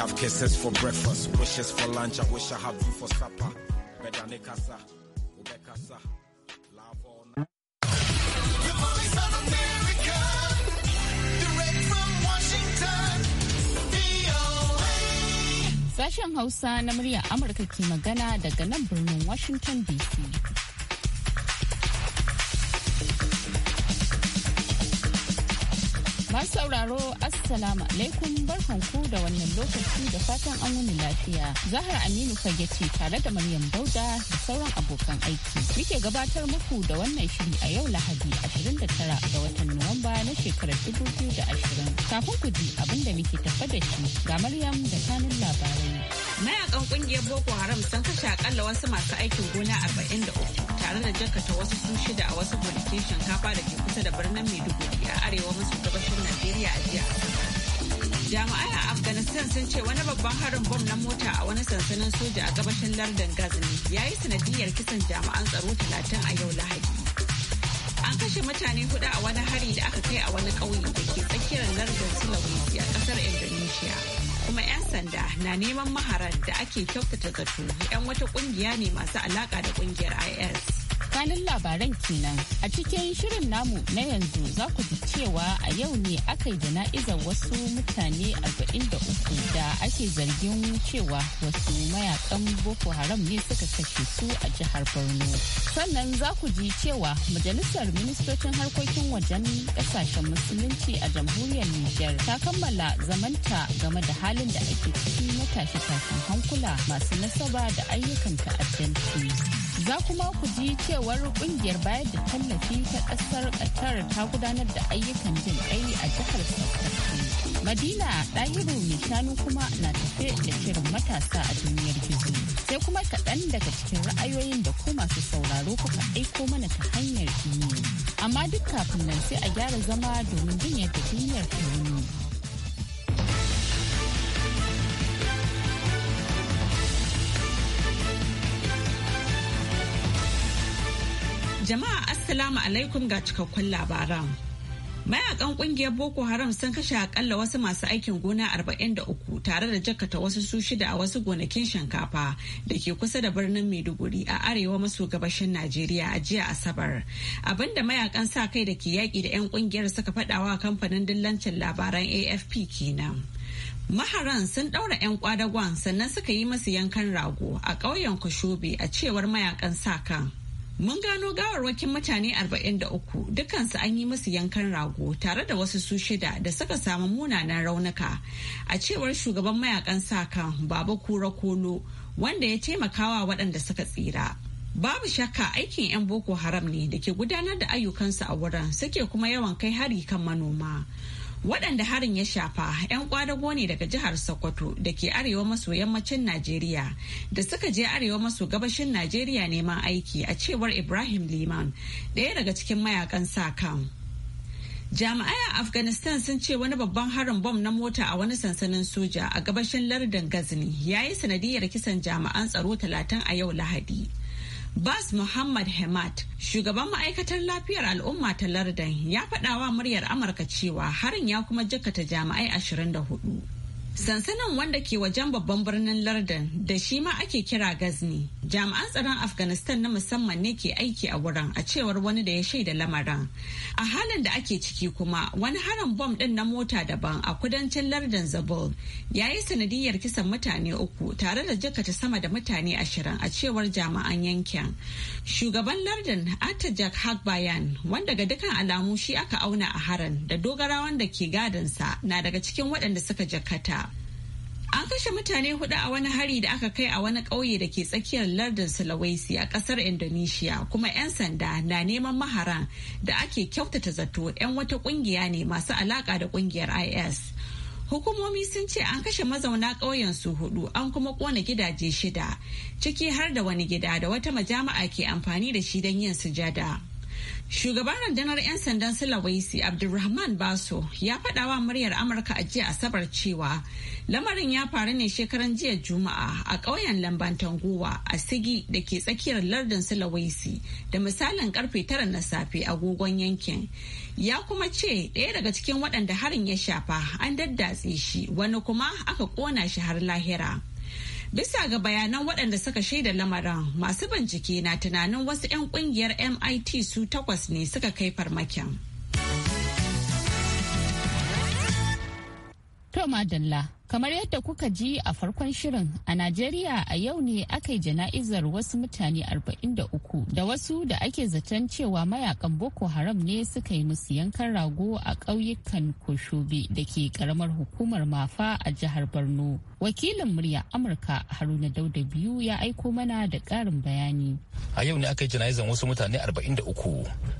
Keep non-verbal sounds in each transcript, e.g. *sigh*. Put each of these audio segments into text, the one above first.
have kisses for breakfast, wishes for lunch. I wish I have you for supper. Oh, Sashen Hausa na Amurka ke magana daga nan birnin Washington DC. Masu sauraro Assalamu alaikum barkanku da wannan lokaci da fatan an wuni lafiya. zahar Aminu fage ce tare da Maryam Dauda da sauran abokan aiki. Muke gabatar muku da wannan shiri a yau Lahadi 29 ga watan Nuwamba na shekarar 2020. Kafin ku ji abin da muke tafa da shi ga Maryam da kanun labarai. Mayakan kungiyar Boko Haram sun kashe akalla wasu masu aikin gona arba'in 43 tare da jakata wasu sun shida a wasu gonakin shinkafa da ke kusa da birnin Maiduguri a arewa jami'ai a afghanistan sun ce wani babban harin bom na mota a wani sansanin soja a gabashin lardin gazni ya yi sanadiyar kisan jami'an tsaro talatin a yau lahadi an kashe mutane hudu a wani hari da aka kai a wani ƙauye da ke tsakiyar lardin sulawesi a ƙasar indonesia kuma 'yan sanda na neman maharan da ake kyautata zato 'yan wata ƙungiya ne masu alaƙa da ƙungiyar is tsakanin labaran kenan a cikin shirin namu na yanzu za ku ji cewa a yau ne aka yi jana'izar wasu mutane 43 da ake zargin cewa wasu mayakan boko haram ne suka kashe su a jihar borno sannan za ku ji cewa majalisar ministocin harkokin wajen kasashen musulunci a jamhuriyar niger ta kammala zamanta game da halin da ake ciki na tashe hankula masu nasaba da ayyukan ta'addanci za kuma ku ji cewa sanarwar kungiyar bayar da tallafi ta kasar qatar ta gudanar da ayyukan jin kai a jihar sokoto madina ɗahiru mai shanu kuma na tafe da shirin matasa a duniyar gizo sai kuma kaɗan daga cikin ra'ayoyin da ku masu sauraro kuka aiko mana ta hanyar imel amma duk kafin nan sai a gyara zama domin jin yadda duniyar ta wuni Jama'a Assalamu alaikum ga cikakkun labaran. Mayakan kungiyar Boko Haram sun kashe akalla wasu masu aikin gona 43 tare da jakata wasu su shida a wasu gonakin shinkafa da ke kusa da birnin Maiduguri a arewa maso gabashin Najeriya a jiya Asabar. Abinda mayakan sa kai da ke yaƙi da 'yan kungiyar suka faɗawa kamfanin dillancin labaran AFP kenan. maharan sun ɗaura 'yan kwadagwan sannan suka yi masu yankan rago a ƙauyen kushobe a cewar mayakan sa kan. Mun gano gawarwakin mutane 43 dukansu an yi musu yankan rago tare da wasu su shida da suka samu munanan raunuka. A cewar shugaban mayakan kan Baba Kura Kolo wanda ya taimakawa waɗanda suka tsira. Babu shakka aikin 'yan Boko Haram ne da ke gudanar da ayyukansu a wurin suke kuma yawan kai hari kan manoma. waɗanda harin ya shafa 'yan kwadago ne daga jihar sokoto da ke arewa maso yammacin najeriya da suka je arewa maso gabashin najeriya neman aiki a cewar ibrahim liman daya daga cikin mayakan sa kan jami'ai a afghanistan sun ce wani babban harin bom na mota a wani sansanin soja a gabashin lardin gazni ya yi sanadiyar kisan jami'an tsaro talatin a yau lahadi Bas Muhammad Hemat, shugaban ma'aikatar lafiyar al'umma ta lardan ya faɗawa muryar Amurka cewa harin ya kuma jikkata jami'ai 24. Sansanin wanda ke wajen babban birnin Lardin da shi ma ake kira Gazni. Jami'an tsaron Afghanistan na musamman ne ke aiki a wurin a cewar wani da ya shaida lamarin. A halin da ake ciki kuma wani harin bom din na mota daban a kudancin Lardin Zabul ya yi sanadiyar kisan mutane uku tare da jakata sama da mutane ashirin a cewar jami'an yankin. Shugaban Lardin jack Hagbayan wanda ga dukkan alamu shi aka auna a harin da dogarawan da ke gadansa na daga cikin waɗanda suka jakata. An kashe mutane hudu a wani hari da aka kai a wani ƙauye da ke tsakiyar lardin Sulawesi a ƙasar Indonesia kuma 'yan sanda na neman maharan da ake kyautata zato 'yan wata ƙungiya ne masu alaƙa da ƙungiyar IS. Hukumomi sun ce an kashe mazauna ƙauyen su hudu an kuma ƙona gidaje shida ciki har da wani gida da wata majama'a ke amfani da shi don yin sujada. Shugaban rundunar 'yan sandan Sulawesi Abdulrahman Baso ya faɗa wa muryar Amurka a jiya Asabar cewa lamarin ya faru ne shekaran jiya Juma'a a ƙauyen tanguwa a Sigi da ke tsakiyar lardin Sulawesi da misalin karfe tara na safe agogon yankin. Ya kuma ce ɗaya daga cikin waɗanda harin ya shafa an daddatse shi wani kuma aka ƙona shi har lahira. Bisa ga bayanan waɗanda suka shaida lamarin masu bincike na tunanin wasu 'yan ƙungiyar MIT su takwas ne suka kai farmakin. To Madalla. Kamar yadda kuka ji a farkon shirin a Najeriya a yau ne aka yi jana'izar wasu mutane 43 da wasu da ake zaton cewa mayakan Boko Haram ne suka yi musu yankan rago a ƙauyukan Koshobe da ke ƙaramar hukumar Mafa a jihar Borno. Wakilin murya Amurka Haruna Dauda biyu ya aiko mana da ƙarin bayani. A yau ne aka yi jana'izar wasu mutane 43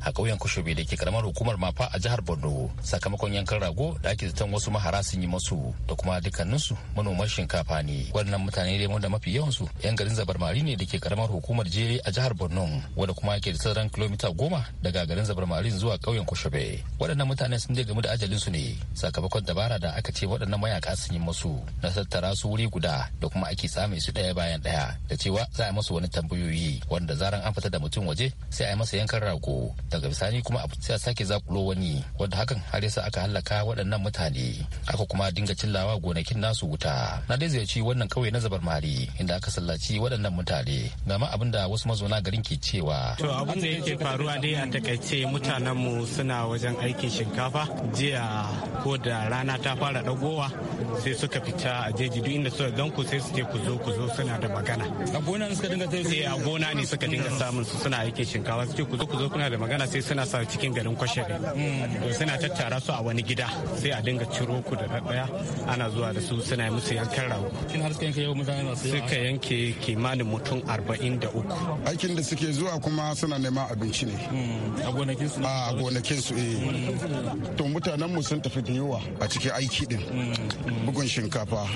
a ƙauyen Koshobe da ke ƙaramar hukumar Mafa a jihar Borno sakamakon yankan rago da ake zaton wasu mahara sun yi masu da kuma duk dukkaninsu manoman shinkafa ne wannan mutane ne wanda mafi yawansu yan garin zabarmari ne da ke karamar hukumar jere a jihar borno wanda kuma yake da sauran kilomita goma daga garin zabarmari zuwa ƙauyen kushobe waɗannan mutane sun je game da su ne sakamakon dabara da aka ce waɗannan mayaka sun yi musu na tattara su wuri guda da kuma ake tsame su daya bayan daya da cewa za a masu wani tambayoyi wanda zaran an fita da mutum waje sai a yi masa yankan rago daga bisani kuma sai a sake zakulo wani wanda hakan har yasa aka hallaka waɗannan mutane aka kuma dinga cillawa gonaki gonakin nasu wuta na dai ziyarci wannan kauye na zabar mari inda aka sallaci waɗannan mutane ga abin da wasu mazauna garin ke cewa to abin da yake faruwa dai a takaice mutanen mu suna wajen aikin shinkafa jiya ko da rana ta fara dagowa sai suka fita a jeji duk inda suka gan ku sai su ce ku zo ku zo suna da magana a gona ne suka dinga sai eh, a gona ne suka dinga samun su suna aikin shinkafa su ce ku zo ku zo kuna da magana sai suna sa cikin garin kwashe hmm. to suna tattara su a wani gida sai a dinga ciro ku da ɗaya ana zuwa da su suna musu yankan rago suka yanke kimanin mutum arba'in da uku aikin da suke zuwa kuma suna neman abinci ne hmm, a gonakin su a su eh to mutanen mu sun tafi da yawa a cikin aiki din hmm, hmm. bugun shinkafa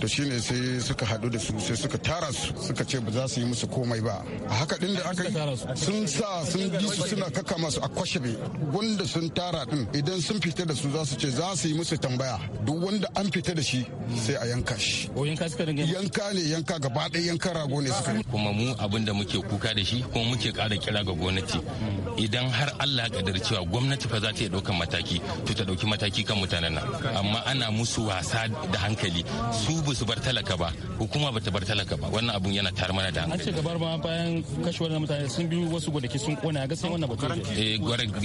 to shine sai suka haɗu da su sai suka tara su suka ce ba za su yi musu komai ba a haka din da aka yi sun sa sun ji su suna kaka masu a kwashebe wanda sun tara din idan sun fita da su za su ce za su yi musu tambaya duk wanda an fita da shi sai a yanka shi yanka ne yanka gaba ɗaya yanka rago ne suka kuma mu abin da muke kuka da shi kuma muke ƙara kira ga gwamnati idan har Allah ya kadar cewa gwamnati fa za ta iya ɗaukan mataki to ta ɗauki mataki kan mutanen nan amma ana musu wasa da hankali su ba su bar talaka ba hukuma ba ta bar talaka ba wannan abun yana tar mana da hankali an ce gabar ma bayan kashe mutane sun biyu wasu gonaki sun kona eh, ga san wannan batun eh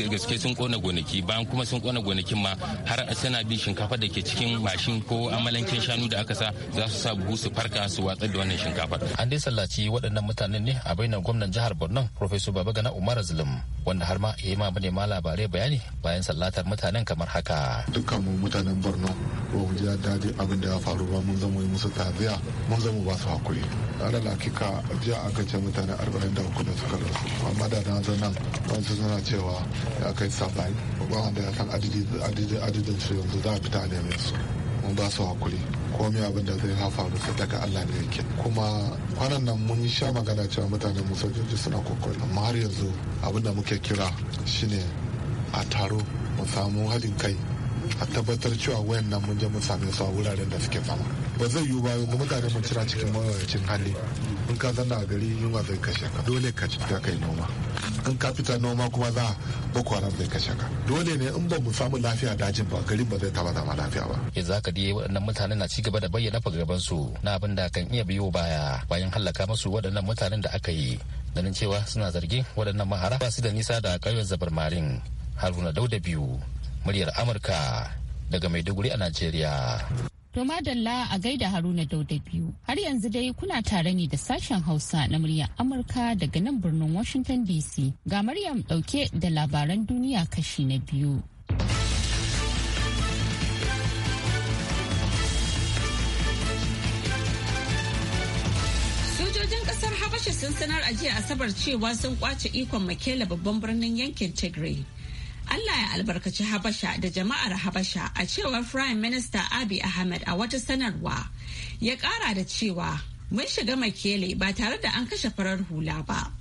gaske sun kona gonaki bayan kuma sun kona gonakin ma har suna bin shinkafa da ke cikin mashin ko ko shanu da aka sa za su sa buhu su farka su watsa da wannan shinkafar. An dai sallaci waɗannan mutanen ne a bainar gwamnan jihar Borno Professor gana Umar Zulum wanda har ma ya yi ma ma labarai bayani bayan sallatar mutanen kamar haka. Dukkan mu mutanen Borno ba mu ji daɗi abin da ya faru ba mun zama musu tabiya mun zama ba su hakuri. Alal hakika jiya aka ce mutane arba'in da hukuma suka rasu amma da na zo nan wasu suna cewa ya kai sabai ba wanda ya san adadin su yanzu za a fita a neme su. mu ba su hakuri komai abin da zai mu sai daga Allah ne yake kuma kwanan nan mun sha magana cewa mutanen mu sojoji suna kokari amma har yanzu abin da muke kira shine a taro mu samu haɗin kai a tabbatar cewa wayan nan mun je mun same su a wuraren da suke zama ba zai yiwu ba yanzu mutane mun cira cikin mawayacin hali in ka zanna a gari yunwa zai kashe ka dole ka ka kai noma in ka fita noma kuma za boko haram zai kashe ka dole ne in ba mu samu lafiya dajin ba garin ba zai taba zama lafiya ba yanzu haka dai waɗannan mutanen na cigaba da bayyana fagaban su na abin da kan iya biyo baya bayan hallaka musu waɗannan mutanen da aka yi ganin cewa suna zargin waɗannan mahara ba su da nisa da zabar marin. haruna dauda biyu muryar amurka daga maiduguri a najeriya To madalla a gaida Haruna Dauda biyu. Har yanzu dai kuna tare ne da sashen Hausa na muryar Amurka daga nan birnin Washington DC. Ga Maryam dauke da labaran duniya kashi na biyu. Sojojin ƙasar Habasha sun sanar a jiya Asabar cewa sun kwace ikon Makela babban birnin yankin Tigray. Allah ya albarkaci Habasha da jama'ar Habasha a cewar Prime Minister Abiy Ahmed a wata sanarwa. Ya kara da cewa mun shiga makele ba tare da an kashe farar hula ba.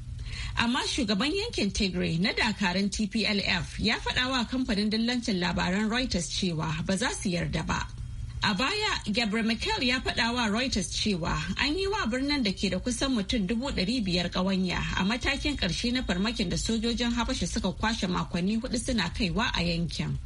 Amma shugaban yankin Tigray na dakarun TPLF ya faɗawa kamfanin dillancin labaran Reuters cewa ba za su yarda ba. A baya, Gabriel Mikel ya faɗa wa Reuters cewa an yi wa birnin da ke da kusan mutum dubu ɗari biyar ƙawanya a matakin ƙarshe na farmakin da sojojin Habasha suka kwashe makonni hudu suna kaiwa a yankin.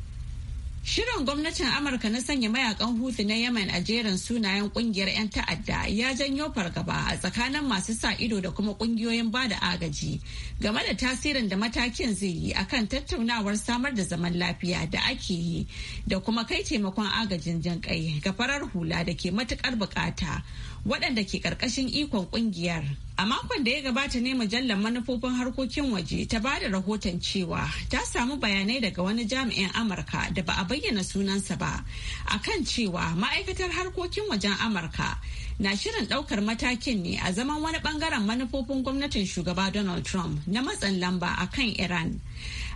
Shirin gwamnatin Amurka na sanya mayakan Hutu na Yemen a jerin sunayen kungiyar 'yan ta'adda ya janyo fargaba a tsakanin masu sa ido da kuma kungiyoyin ba da agaji game da tasirin da matakin zai yi akan tattaunawar samar da zaman lafiya da ake yi da kuma kai taimakon agajin jinkai ga farar hula da ke matukar bukata. waɗanda ke ƙarƙashin ikon ƙungiyar. A makon da ya gabata ne mujallar manufofin harkokin waje ta ba da rahoton cewa ta samu bayanai daga wani jami'in Amurka da ba a bayyana sunansa ba a kan cewa ma'aikatar harkokin wajen Amurka na shirin ɗaukar matakin ne a zaman wani ɓangaren manufofin gwamnatin shugaba Donald Trump na matsin lamba a kan Iran.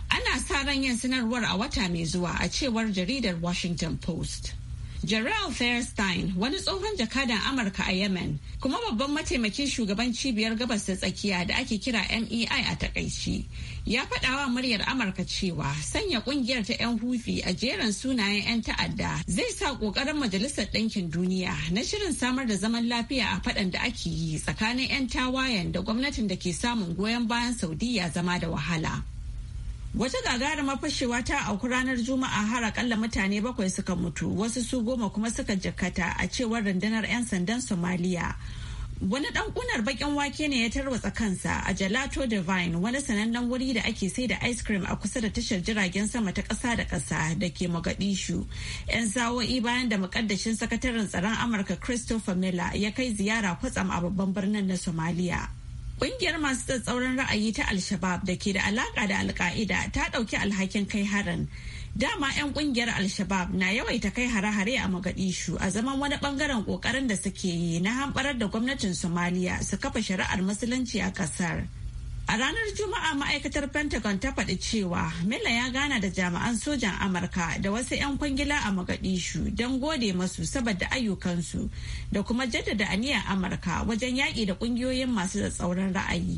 ana sa ran yin sanarwar a wata mai zuwa a cewar jaridar washington post Gerald Fairstein wani tsohon jakadan Amurka a Yemen kuma babban mataimakin shugaban cibiyar gabas ta tsakiya da ake kira MEI a takaici ya faɗawa muryar Amurka cewa sanya kungiyar ta 'yan hufi a jeran sunayen 'yan ta'adda zai sa ƙoƙarin Majalisar Ɗinkin Duniya na shirin samar da zaman lafiya a faɗan da ake yi tsakanin 'yan tawayen da gwamnatin da ke samun goyon bayan Saudiya zama da wahala. Wata gagarumar fashewa ta auku ranar Juma'a har akalla mutane bakwai suka mutu wasu su goma kuma suka jakata a cewar rundunar 'yan sandan Somaliya. Wani ɗan ƙunar baƙin wake ne ya tarwatsa kansa a Gelato Divine wani sanannen wuri da ake sai da ice cream a kusa da tashar jiragen sama ta ƙasa da ƙasa da ke Mogadishu. 'Yan sa'o'i bayan da mukaddashin sakataren tsaron Amurka Christopher Miller ya kai ziyara kwatsam a babban birnin na Somaliya. Ƙungiyar masu tsatsauran ra'ayi ta alshabab da ke da alaƙa da alka'ida ta ɗauki alhakin kai harin. Dama 'yan ƙungiyar alshabab na yawaita kai hare-hare a Mogadishu a zaman wani ɓangaren ƙoƙarin da suke yi na hamɓarar da gwamnatin Somaliya su kafa shari'ar musulunci a ƙasar. A ranar Juma'a ma'aikatar Pentagon ta faɗi cewa Miller ya gana da jami'an sojan Amurka da wasu 'yan kwangila a Mogadishu don gode masu saboda ayyukansu da kuma jaddada aniyar Amurka wajen yaƙi da ƙungiyoyin masu da tsauran ra'ayi.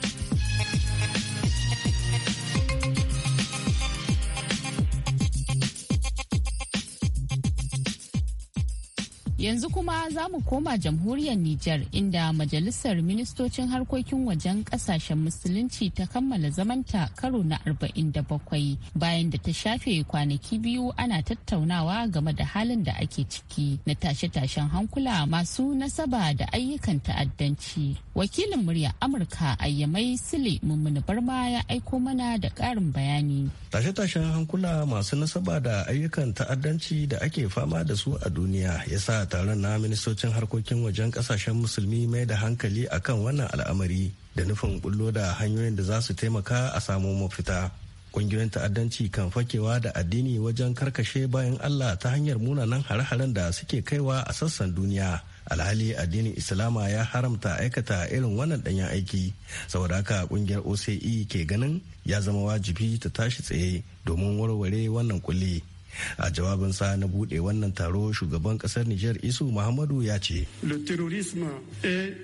Yanzu kuma za mu koma jamhuriyar Nijar inda Majalisar Ministocin Harkokin Wajen Ƙasashen Musulunci ta kammala zamanta karo na 47 bayan da ta shafe kwanaki biyu ana tattaunawa game da halin da ake ciki na tashe-tashen hankula masu nasaba da ayyukan ta'addanci. Wakilin murya Amurka Ayyamai Sule mummuna Barma ya aiko mana da ƙarin bayani. Tashe-tashen hankula masu nasaba da ayyukan ta'addanci da ake fama da su a duniya ya sa taron na ministocin harkokin wajen kasashen musulmi mai da hankali akan wannan al'amari da nufin bullo da hanyoyin da za su taimaka a samu mafita ƙungiyoyin ta'addanci kan fakewa da addini wajen karkashe bayan allah ta hanyar munanan hare-haren da suke kaiwa a sassan duniya alhali addinin islama ya haramta aikata irin wannan danyen aiki saboda haka ƙungiyar oce ke ganin ya zama wajibi ta tashi tsaye domin warware wannan kulle. a sa na bude wannan taro shugaban ƙasar nijar isu muhammadu ya ce le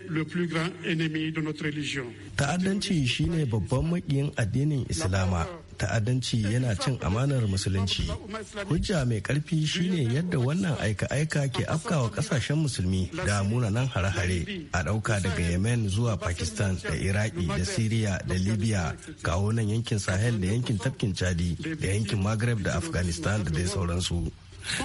le religion ta'addanci shine babban makiyin addinin islama ta'addanci yana cin amanar musulunci hujja mai karfi shine yadda wannan aika-aika ke afkawa kasashen musulmi da munanan hare-hare a ɗauka daga yemen zuwa pakistan da iraki da siriya da libya kawo nan yankin sahel da yankin tafkin chadi da yankin maghreb da afghanistan da dai sauransu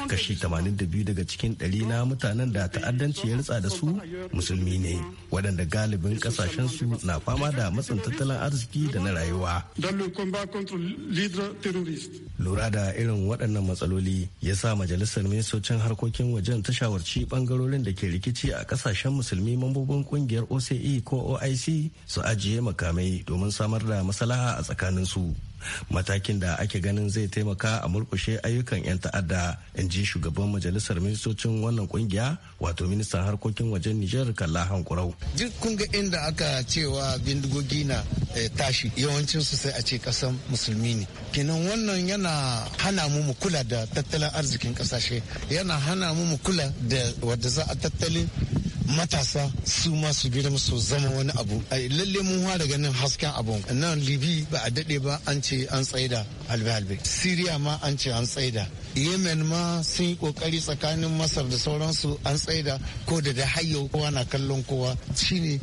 kashi 82 daga cikin ɗari na mutanen da ta'addanci ya ritsa da su musulmi ne waɗanda galibin kasashen su na fama da matsin tattalin arziki da na rayuwa lura da irin waɗannan matsaloli ya sa majalisar ministocin harkokin wajen ta shawarci bangarorin da ke rikici a kasashen musulmi mambobin ƙungiyar oce ko oic su ajiye makamai domin samar da maslaha a tsakaninsu. su matakin da ake ganin zai taimaka a murkushe ayyukan 'yan ta'adda in ji shugaban majalisar ministocin wannan kungiya wato ministan harkokin wajen nijar kalla hankurau duk kun ga inda aka cewa bindigogi na eh, tashi yawancin su sai a ce kasan musulmi ne kenan wannan yana hana mu mu kula da tattalin arzikin kasashe yana hana mu mu kula da wadda za a tattalin matasa su ma su girma su zama wani abu a lalle mun fara ganin hasken abu nan libi ba a daɗe ba an ce an tsaida halbe-halbe siriya ma an ce an tsaida yemen ma sun yi kokari tsakanin masar da sauransu an tsaida ko da da hayyau kowa na kallon kowa shine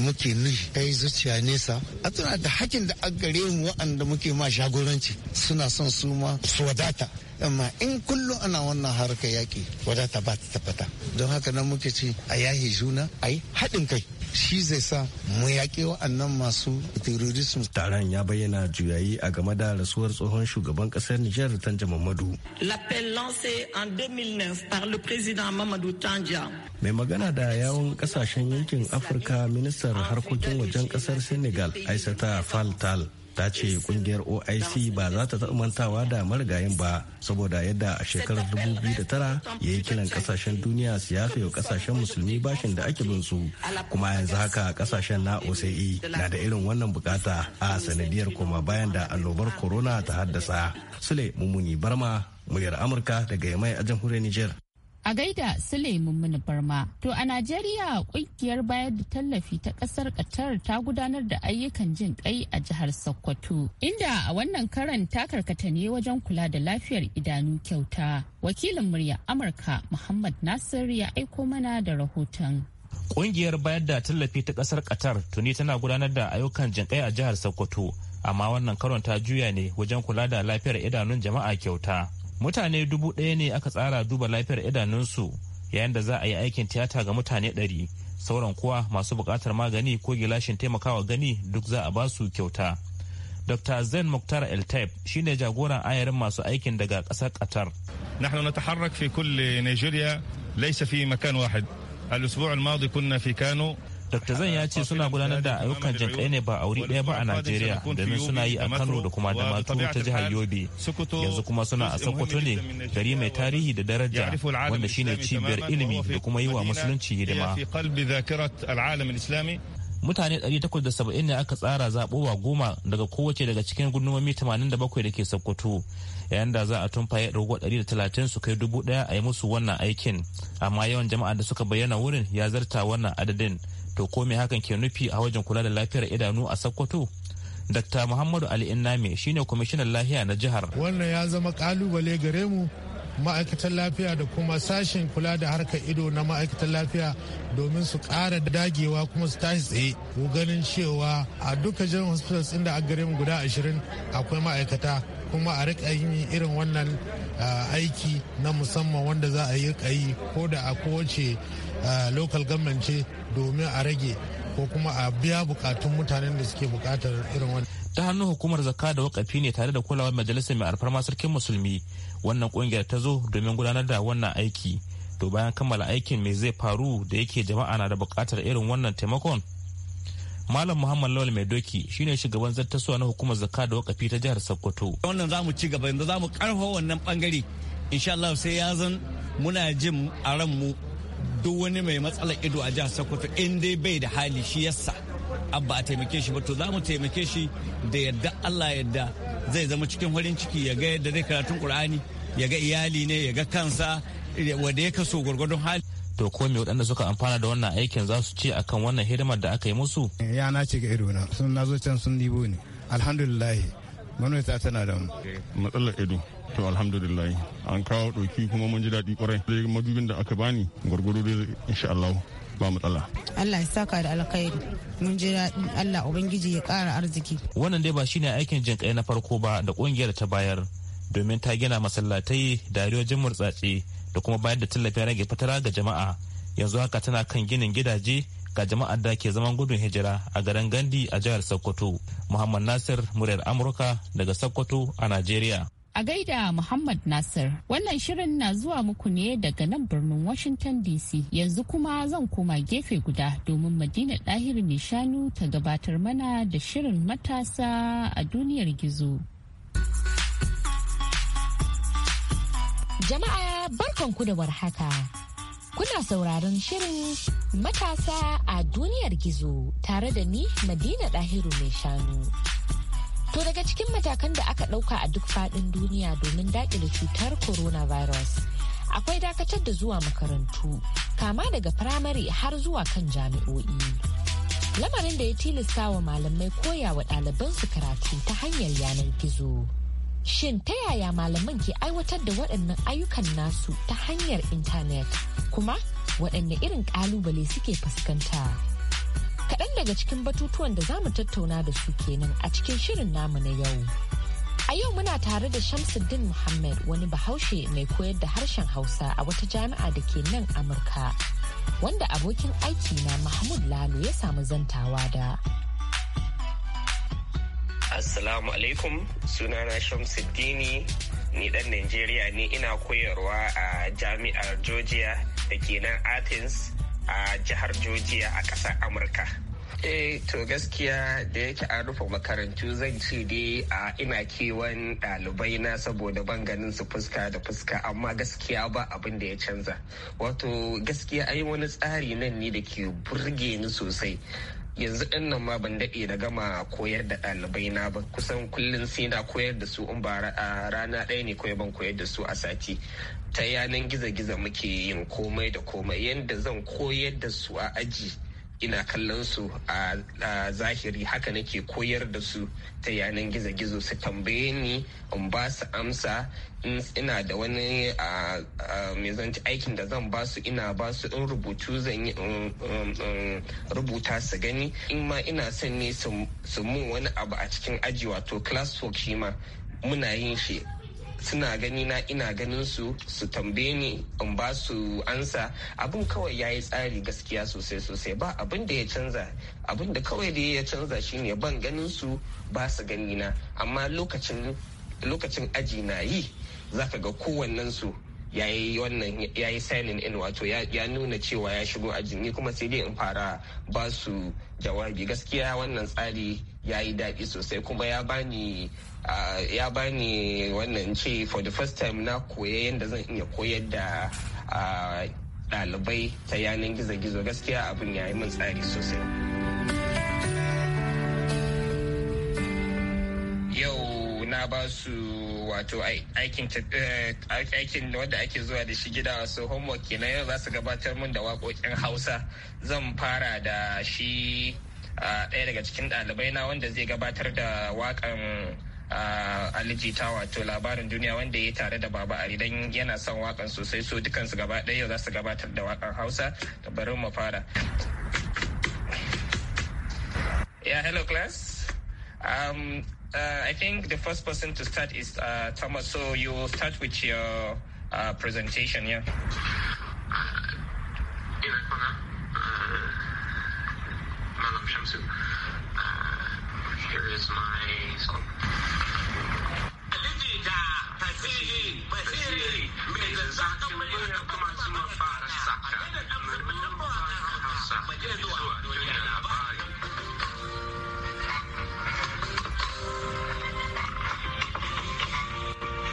muke nishi ta yi zuciya nesa a tuna da hakin da a gare mu waɗanda muke ma shagoranci suna son su ma su wadata amma in kullum ana wannan harkar yaƙi wadata ba ta tabbata don haka nan muke ce a yahi juna a yi haɗin kai shi zai sa mu yaƙi wa'annan masu terrorism. Taron ya bayyana juyayi a game da rasuwar tsohon shugaban ƙasar Nijar Tanja Mamadu. L'appel lancé en 2009 par le président Mamadou Tanja. Mai magana da yawon ƙasashen yankin Afirka ministar harkokin wajen ƙasar Senegal Aissata faltal. ta ce kungiyar oic ba za ta taɓa mantawa da marigayin ba saboda yadda a shekarar 2009 ya yi kiran kasashen duniya su ya ƙasashen kasashen musulmi bashin da ake bin su kuma yanzu haka kasashen na oce na da irin wannan bukata a sanadiyar koma bayan da annobar corona ta haddasa sule mummuni barma muryar amurka daga yamai a jamhuriyar niger A gaida Sule Mummuni Barma. To a Najeriya kungiyar bayar da tallafi ta kasar Qatar ta gudanar da ayyukan jin kai a jihar Sokoto. Inda a wannan karan ta karkata ne wajen kula da lafiyar idanu kyauta. Wakilin murya Amurka Muhammad Nasir ya aiko mana da rahoton. Kungiyar bayar da tallafi ta kasar Qatar tuni tana gudanar da ayyukan kai a jihar Sokoto, amma wannan karon ta juya ne wajen kula da lafiyar idanun jama'a kyauta. mutane dubu ɗaya ne aka tsara duba lafiyar idanunsu yayin da za a yi aikin tiyata ga mutane ɗari sauran kuwa masu buƙatar magani ko gilashin taimakawa gani duk za a ba su kyauta dr zain muktar el taib shine jagoran ayarin masu aikin daga ƙasar qatar fi kulli nigeria laysa fi makan wahid al-usbu' al-madi kunna fi kano. dr zan ya ce suna gudanar da ayyukan jinkai ne ba a wuri ɗaya ba a najeriya domin suna yi a kano da kuma damatu ta jihar yobe yanzu kuma suna a sokoto ne gari mai tarihi da daraja wanda shine cibiyar ilimi da kuma yi wa musulunci hidima mutane 870 ne aka tsara zaɓowa goma daga kowace daga cikin gudunmomi 87 da ke sokoto yayin da za a tumfaye ɗaruwa 130 su kai dubu ɗaya a yi musu wannan aikin amma yawan jama'a da suka bayyana wurin ya zarta wannan adadin to ko me hakan ke nufi a wajen kula da lafiyar idanu a sokoto dr muhammadu ali inname shine kwamishinan lafiya na jihar wannan ya zama kalubale gare mu ma'aikatan lafiya da kuma sashen kula da harkar ido na ma'aikatan lafiya domin su kara dagewa kuma su tashi tsaye ko ganin cewa a duka jiran hospitals inda a gare mu guda 20 akwai ma'aikata kuma a rika yin irin wannan ah, aiki na musamman wanda za a yi kayi ko da a kowace ah, local government ce domin a rage ko kuma a biya bukatun mutanen da suke bukatar irin wannan ta hannun hukumar zakka da wakafi ne tare da kulawar majalisar mai alfarma sarkin musulmi wannan kungiyar ta zo domin gudanar da wannan aiki to bayan kammala aikin me zai faru da yake jama'a na da bukatar irin wannan taimakon Malam Muhammad Lawal Mai Doki shine shugaban zattasuwa na hukumar zakka da wakafi ta jihar Sokoto. Wannan zamu ci gaba yanzu zamu karfa wannan bangare. Insha Allah sai ya zan muna jin a ran mu duk wani mai matsalar ido a jihar Sokoto in dai bai da hali shi yasa abba a taimake shi ba to zamu taimake shi da yadda Allah yadda zai zama cikin farin ciki ya ga yadda zai karatun Qur'ani ya ga iyali ne ya ga kansa wanda ya kaso gwargwadon hali to ko me waɗanda suka amfana da wannan aikin za su ce akan wannan hidimar da aka yi musu eh, ya na ce ga na sun nazo can sun libo ne alhamdulillah gwamnati tana da mu eh, matsalar ido to alhamdulillah an kawo ɗauki kuma mun ji daɗi ƙwarai da madubin da aka bani gwargwaro dai insha Allah ba matsala. Allah ya saka da alkhairi mun ji daɗi Allah ubangiji ya ƙara arziki. Wannan dai ba shine aikin jinƙai na farko ba da ƙungiyar ta bayar domin ta gina masallatai da riyojin murtsatse da kuma bayar da tallafin rage fatara ga jama'a yanzu haka tana kan ginin gidaje ga jama'ar da ke zaman gudun hijira a garin gandi a jihar sokoto muhammad nasir muryar amurka daga sokoto a najeriya a gaida Muhammad Nasir. Wannan shirin na zuwa muku ne daga nan birnin Washington DC. Yanzu kuma zan koma gefe guda domin Madina Ɗahir shanu ta gabatar mana da shirin matasa a duniyar gizo. Jama'a ku da warhaka. Kuna sauraron shirin matasa a duniyar gizo tare da ni Madina Dahiru mai shanu. To daga cikin matakan da aka ɗauka a duk faɗin duniya domin daƙile cutar coronavirus. Akwai dakatar da zuwa makarantu, kama daga firamare har zuwa kan jami'o'i. lamarin da ya tilasta wa malamai koya wa ɗalibansu karatu ta hanyar yanar gizo. Shin ta yaya malaman ke aiwatar da waɗannan ayyukan nasu ta hanyar intanet? Kuma waɗanne irin ƙalubale suke fuskanta? Kaɗan daga cikin batutuwan da za mu tattauna da su kenan a cikin shirin namu na yau. A yau muna tare da Shamsuddin Muhammad wani bahaushe mai koyar da harshen Hausa a wata jami'a da ke nan Amurka. Wanda abokin aiki na Mahmud Lalo ya samu zantawa da. Assalamu alaikum sunana Shamsuddini ni dan Najeriya ne ina koyarwa a jami'ar Georgia da ke nan Athens a jihar Georgia a ƙasar Amurka. Eh to gaskiya da yake an rufe makarantu zan ce dai a ina kewan ɗalibai na saboda ban ganin su fuska da fuska amma gaskiya ba abin da ya canza. Wato gaskiya ayi wani tsari nan ne da ke burge ni sosai. yanzu ɗin nan ma ban daɗe da gama koyar da ɗalibai na ba kusan kullum sai na koyar da su in ba rana ɗaya ne kawai ban koyar da su a sati ta yanan gizo-gizo muke yin komai da komai yadda zan koyar da su a aji ina kallon su a zahiri haka nake koyar da su ta yanan gizo-gizo su tambaye ni in ba su amsa ina da wani mai zanci aikin da zan ba su ina ba su in rubutu zan yi rubuta su gani in ma ina son ne su mun wani abu a cikin aji wato class work shi ma muna yin shi suna gani na ina ganin su su tambaye ni in ba su ansa abin kawai ya yi tsari gaskiya sosai sosai ba abin da ya canza abin da kawai da ya canza shine ban ganin su ba su gani na amma lokacin aji na yi zaka ga kowannen su ya yi wannan ya yi signing in wato ya nuna cewa ya shigo ajin ni kuma sai dai in fara ba su jawabi gaskiya wannan tsari ya yi daɗi sosai kuma ya bani ya bani wannan ce for the first time na koya yadda zan iya koyar da ɗalibai ta yanar gizo-gizo gaskiya abin ya yi min tsari sosai yau na ba su wato eh, aikin wanda ake zuwa da shi gida wasu homework kenan yau za su gabatar min da waƙoƙin hausa zan fara da shi ɗaya daga cikin ɗalibai na wanda zai gabatar da waƙan wato labarin duniya wanda ya tare da baba ari yana son waƙan sosai so dukansu gaba ɗaya za su gabatar da waƙan hausa da bari mu fara yeah hello class um, uh, i think the first person to start is uh, thomas so you start with your uh, presentation yeah is my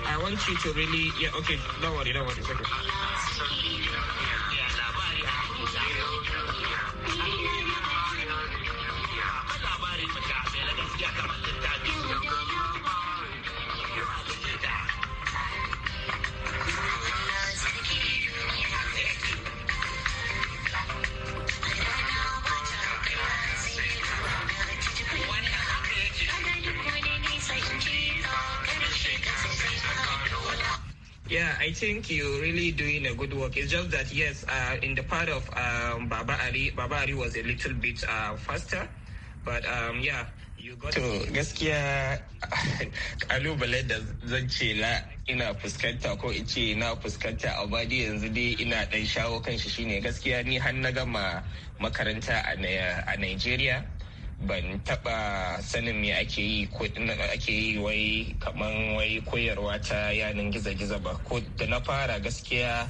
I want you to really, yeah, okay, don't worry, don't worry, it's okay. I think you're really doing a good work. It's just that, yes, uh, in the part of um, Baba Ali, Baba Ali was a little bit uh, faster. But um, yeah, you got to. gaskiya *laughs* kalubale da zan ce ina fuskanta ko in ce na fuskanta a badi yanzu dai ina dan shawo kan shi shine gaskiya ni har na gama makaranta a Nigeria. ban taba sanin me ake yi ko ake yi wai kaman wai koyarwa ta yanin gizo-gizo ba ko da na fara gaskiya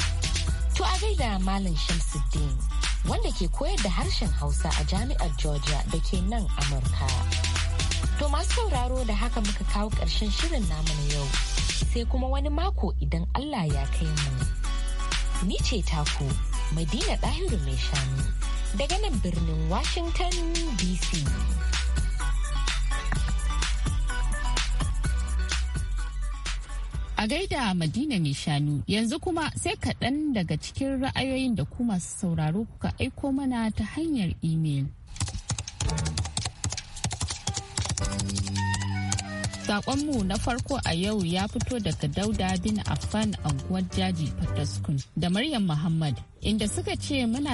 To a gaida Malam Shamsuddin wanda ke koyar da harshen Hausa a Jami'ar Georgia da ke nan Amurka. To masu sauraro da haka muka kawo ƙarshen shirin namu na yau sai kuma wani mako idan Allah ya kai mu. Ni ce taku Madina Ɗahiru mai shanu daga nan birnin Washington DC. A gaida Madina mai shanu yanzu kuma sai kaɗan daga cikin ra'ayoyin da kuma masu sauraro kuka aiko mana ta hanyar imel. saƙonmu na farko a yau ya fito daga Dauda bin Affan anguwar jaji Fataskun da Maryam Muhammad inda suka ce muna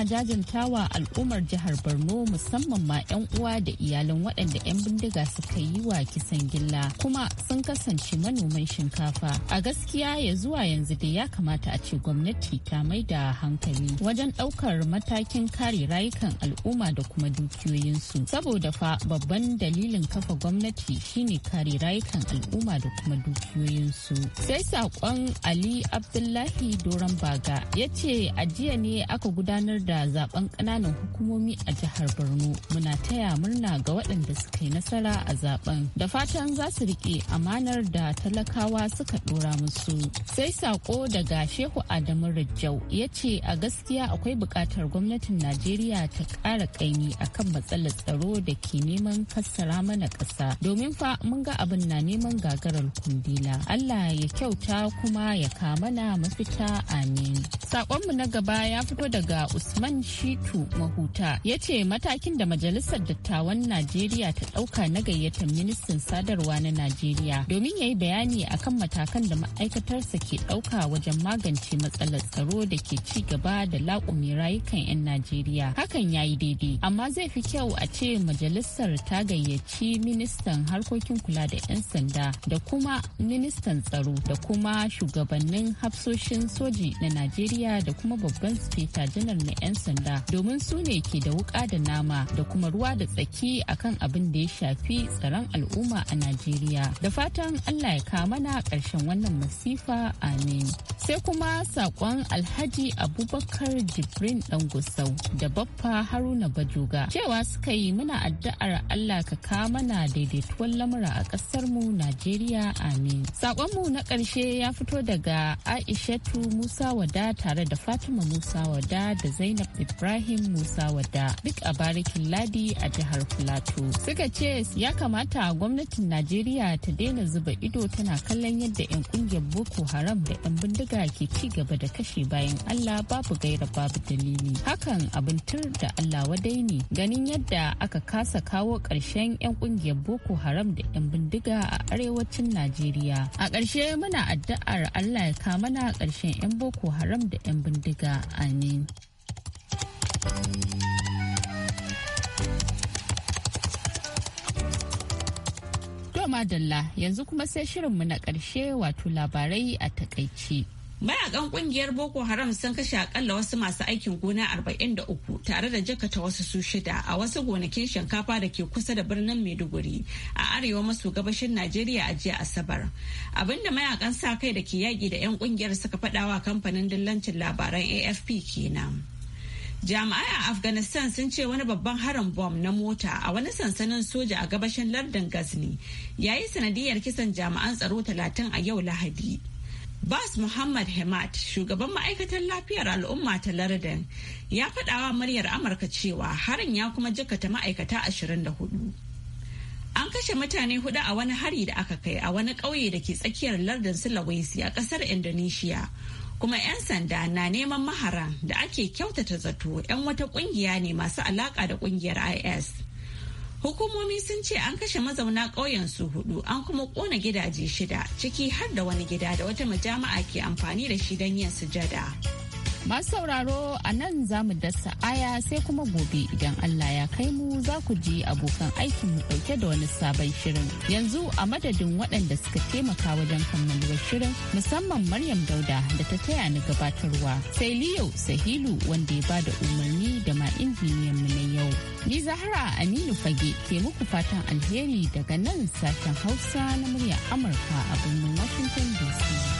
wa al'ummar jihar borno musamman ma 'yan uwa da iyalan waɗanda 'yan bindiga suka yi wa kisan gilla kuma sun kasance manoman shinkafa a gaskiya ya zuwa yanzu da ya kamata a ce gwamnati ta mai da hankali wajen ɗaukar matakin kare rayukan al'umma da kuma dukiyoyinsu saboda fa babban dalilin kafa gwamnati shine kare rayukan al'umma da kuma dukiyoyinsu sai saƙon ali abdullahi doron baga ya ce a jiya ne aka gudanar da zaben ƙananan hukumomi a jihar Borno. Muna taya murna ga waɗanda suka yi nasara a zaben. Da fatan za su riƙe amanar da talakawa suka ɗora musu. Sai saƙo daga Shehu Adamu Rajau ya ce a gaskiya akwai buƙatar gwamnatin Najeriya ta ƙara ƙaimi akan matsalar tsaro da ke neman kassara mana ƙasa. Domin fa mun ga abin na neman gagarar kundila. Allah ya kyauta kuma ya kamana mafita amin. Saƙonmu na gaba ya fito daga Usman Shitu Mahuta ya ce matakin da Majalisar Dattawan Najeriya ta ɗauka na gayyatar ministan sadarwa na Najeriya domin ya yi bayani akan matakan da ma'aikatarsa ke ɗauka wajen magance matsalar tsaro da ke ci gaba da laƙumi rayukan 'yan Najeriya. Hakan ya yi daidai, amma zai fi kyau a ce Majalisar ta gayyaci ministan harkokin kula da 'yan sanda da kuma ministan tsaro da kuma shugabannin hafsoshin soji na Najeriya da kuma babban inspector janar na 'yan sanda domin su ne ke da wuƙa da nama da kuma ruwa da tsaki akan abin da ya shafi tsaron al'umma a najeriya da fatan allah ya ka mana ƙarshen wannan masifa amin sai kuma saƙon alhaji abubakar jibrin dan gusau da baffa haruna bajoga cewa suka yi muna addu'ar allah ka ka mana daidaituwar lamura a ƙasar mu najeriya amin saƙonmu na ƙarshe ya fito daga aishatu musa wada tare da fatima musa Musa Wada da Zainab Ibrahim Musa Wada duk a barikin Ladi a jihar Filato. Suka ce ya kamata gwamnatin Najeriya ta daina zuba ido tana kallon yadda 'yan kungiyar Boko Haram da 'yan bindiga ke ci gaba da kashe bayan Allah babu gaira babu dalili. Hakan abin tur da Allah wadai ne ganin yadda aka kasa kawo ƙarshen 'yan kungiyar Boko Haram da 'yan bindiga a arewacin Najeriya. A ƙarshe muna addu'ar Allah ya kamana ƙarshen 'yan Boko Haram da 'yan bindiga. amin madalla yanzu kuma sai shirinmu na ƙarshe wato labarai a takaici. mayakan kungiyar boko haram sun kashe akalla wasu masu aikin gona 43 tare da jakata wasu su shida a wasu gonakin shinkafa da ke kusa da birnin maiduguri a arewa maso gabashin najeriya a jiya asabar abinda mayakan sa kai da ke yaƙi da 'yan kungiyar suka faɗawa kamfanin dillancin labaran afp kenan jami'ai a afghanistan sun ce wani babban harin bom na mota a wani sansanin soja a gabashin lardin gazni yayi sanadiyar kisan jami'an tsaro 30 a yau lahadi Bas Muhammad Hemat, shugaban ma'aikatar lafiyar al'umma ta Lardin, ya faɗawa muryar Amurka cewa harin ya kuma jikata ma'aikata 24. An kashe mutane hudu a wani hari da aka kai a wani ƙauye da ke tsakiyar lardin Sulawesi a ƙasar Indonesia. Kuma 'yan sanda na neman maharan da ake kyautata zato 'yan wata ƙungiya ne masu alaƙa da ƙungiyar IS. Hukumomi sun ce an kashe mazauna ƙauyen su hudu an kuma ƙona gidaje shida ciki har da wani gida da wata majama'a ke amfani da shi don yin sujada. Masu sauraro a nan za mu dasa aya sai kuma gobe idan Allah ya kai mu za ku ji abokan aikin mu ɗauke da wani sabon shirin. Yanzu a madadin waɗanda suka taimaka wajen kammaluwa shirin musamman Maryam Dauda da ta taya ni gabatarwa. Sai Liyo Sahilu wanda ya bada umarni da ma injiniyan mu na yau. Ni Zahra Aminu Fage ke muku fatan alheri daga nan sashen Hausa na murya Amurka a birnin Washington DC.